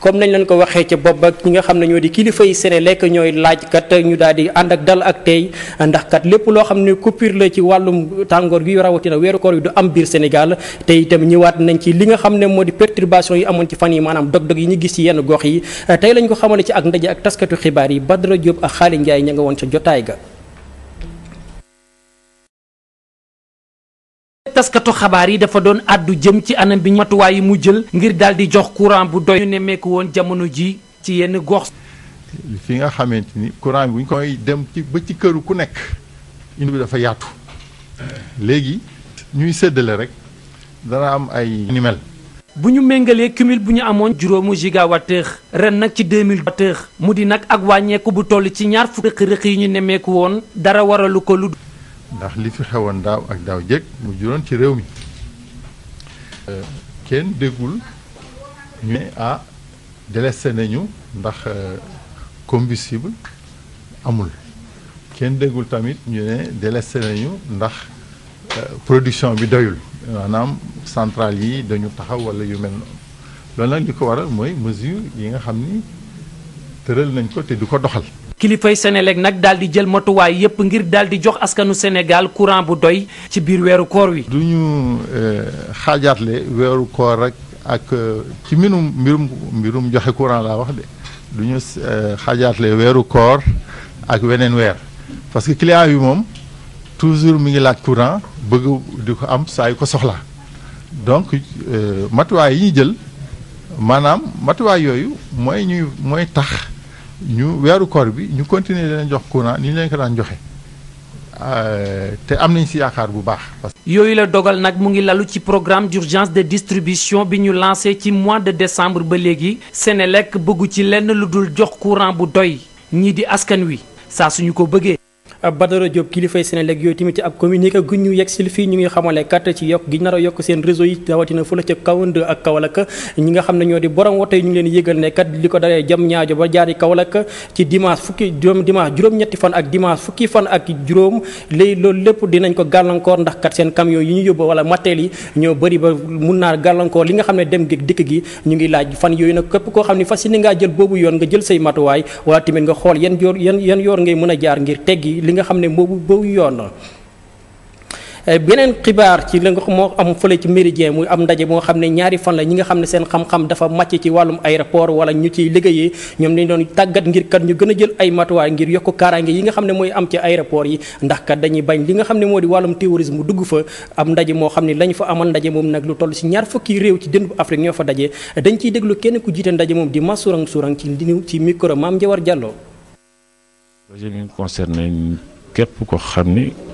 comme nañ leen ko waxee ca bopp ak ñi nga xam ne ñoo di kilifa yi Senelec ñooy kat ñu daal di ànd ak dal ak tey ndax kat lépp loo xam ne coupure la ci wàllum tàngoor gi rawatina weeru koor yi du am biir Sénégal te itam ñëwaat nañ ci li nga xam ne moo di perturbation yi amoon ci fan yi maanaam dog-dog yi ñu gis ci yenn gox yi tey lañ ko xamale ci ak ndaje ak taskatu xibaar yi ba Badara Diop ak Xaali Ndiaye ña nga woon ca jotaay ga taskatu xabaar yi dafa doon àddu jëm ci anam bi matuwaay yi mu jël ngir daal di jox courant bu doy nemmeeku woon jamono ji ci yenn gox. fii nga xamante ni courant bi bu ñu koy dem ci ba ci kër ku nekk indi bi dafa yaatu léegi ñuy séddale rek dana am ay nimel bu ñu méngalee cumul bu ñu amoon juróomu gigawattheure ren nag ci 2000 mu di nag ak wàññeeku bu toll ci ñaar fukki rëq-rëq yi ñu nemmeeku woon dara waralu ko lu ndax li fi xewoon daaw ak daaw jég mu juróon ci réew mi kenn déggul ñu ne ah délesté nañu ndax euh, combustible amul kenn déggul tamit ñu ne délesté nañu ndax euh, production bi doyul maanaam centrale yi dañu taxaw wala yu mel noonu loolu nag li ko waral mooy mesure yi nga xam ni tëral nañ ko te du ko doxal kilifay Senelec nag daal di jël matuwaay yépp ngir daal di jox askanu Sénégal courant bu doy ci biir weeru koor wi. du ñu euh, xaajaatle weeru koor rek ak euh, ci mbirum mbirum mbirum joxe courant laa wax de du euh, weeru koor ak weneen weer parce que client bi moom toujours mi ngi laaj courant bëgg di ko am saa yu ko soxla donc matuwaay yi ñu jël maanaam matuwaay yooyu mooy ñuy mooy tax. ñu weeru koor bi ñu continuer leen jox courant ni ñu leen ko daan joxe euh, te am nañ si yaakaar bu baax. yooyu la dogal nag mu ngi lalu ci programme d'urgence de distribution bi ñu lancé ci mois de décembre ba léegi lekk bëggu ci lenn lu dul jox courant bu doy ñii di askan wi saa suñu ko bëggee. Badara Diop kilifay Senelec yooyu tamit ab communiqué gu ñu yegg sil fii ñu ngi xamale kat ci yokk gi nar a yokk seen réseau yi rawatina fu la ca ñi nga xam ne ñoo di borom woto yi ñu ngi leen yëgal ne kat li ko dalee jam ñaajo ba jaari Kaolack ci dimanche fukki juróom dimanche juróom-ñetti fan ak dimanche fukki fan ak juróom léegi loolu lépp dinañ ko gàllankoor ndax kat seen kam camion yi ñu yóbbu wala mateel yi ñoo bëri ba mun naa gàllankoor li nga ne dem gi dikk gi ñu ngi laaj fan yooyu nag képp koo xam ne fas ngaa jël boobu yoon nga jël say matuwaay wala tamit yan yoor yan yan yoor ngay mën a jaar ngir teggi nga xam ne boobu boobu yoon la eh, beneen xibaar ci la nga moo am fële ci méridien muy am ndaje moo xam ne ñaari fan la ñi nga xam ne seen xam-xam dafa màcc ci wàllum aéroport wala ñu ciy liggéeyee ñoom dañ doon tàggat ngir kat ñu gën a jël ay matuwaay ngir yokk kaaraange yi nga xam ne mooy am ci aéroport yi ndax kat dañuy bañ li nga xam ne moo di wàllum terrorisme dugg fa am ndaje moo xam ne lañ fa amal ndaje moom nag lu toll si ñaar fukki réew ci dënd bu Afrique ñoo fa daje dañ ciy déglu kenn ku jiite ndaje moom di Massourang Sourang ci ci micro Mame Ndiawar Diallo projet bi concerné képp ko xam ni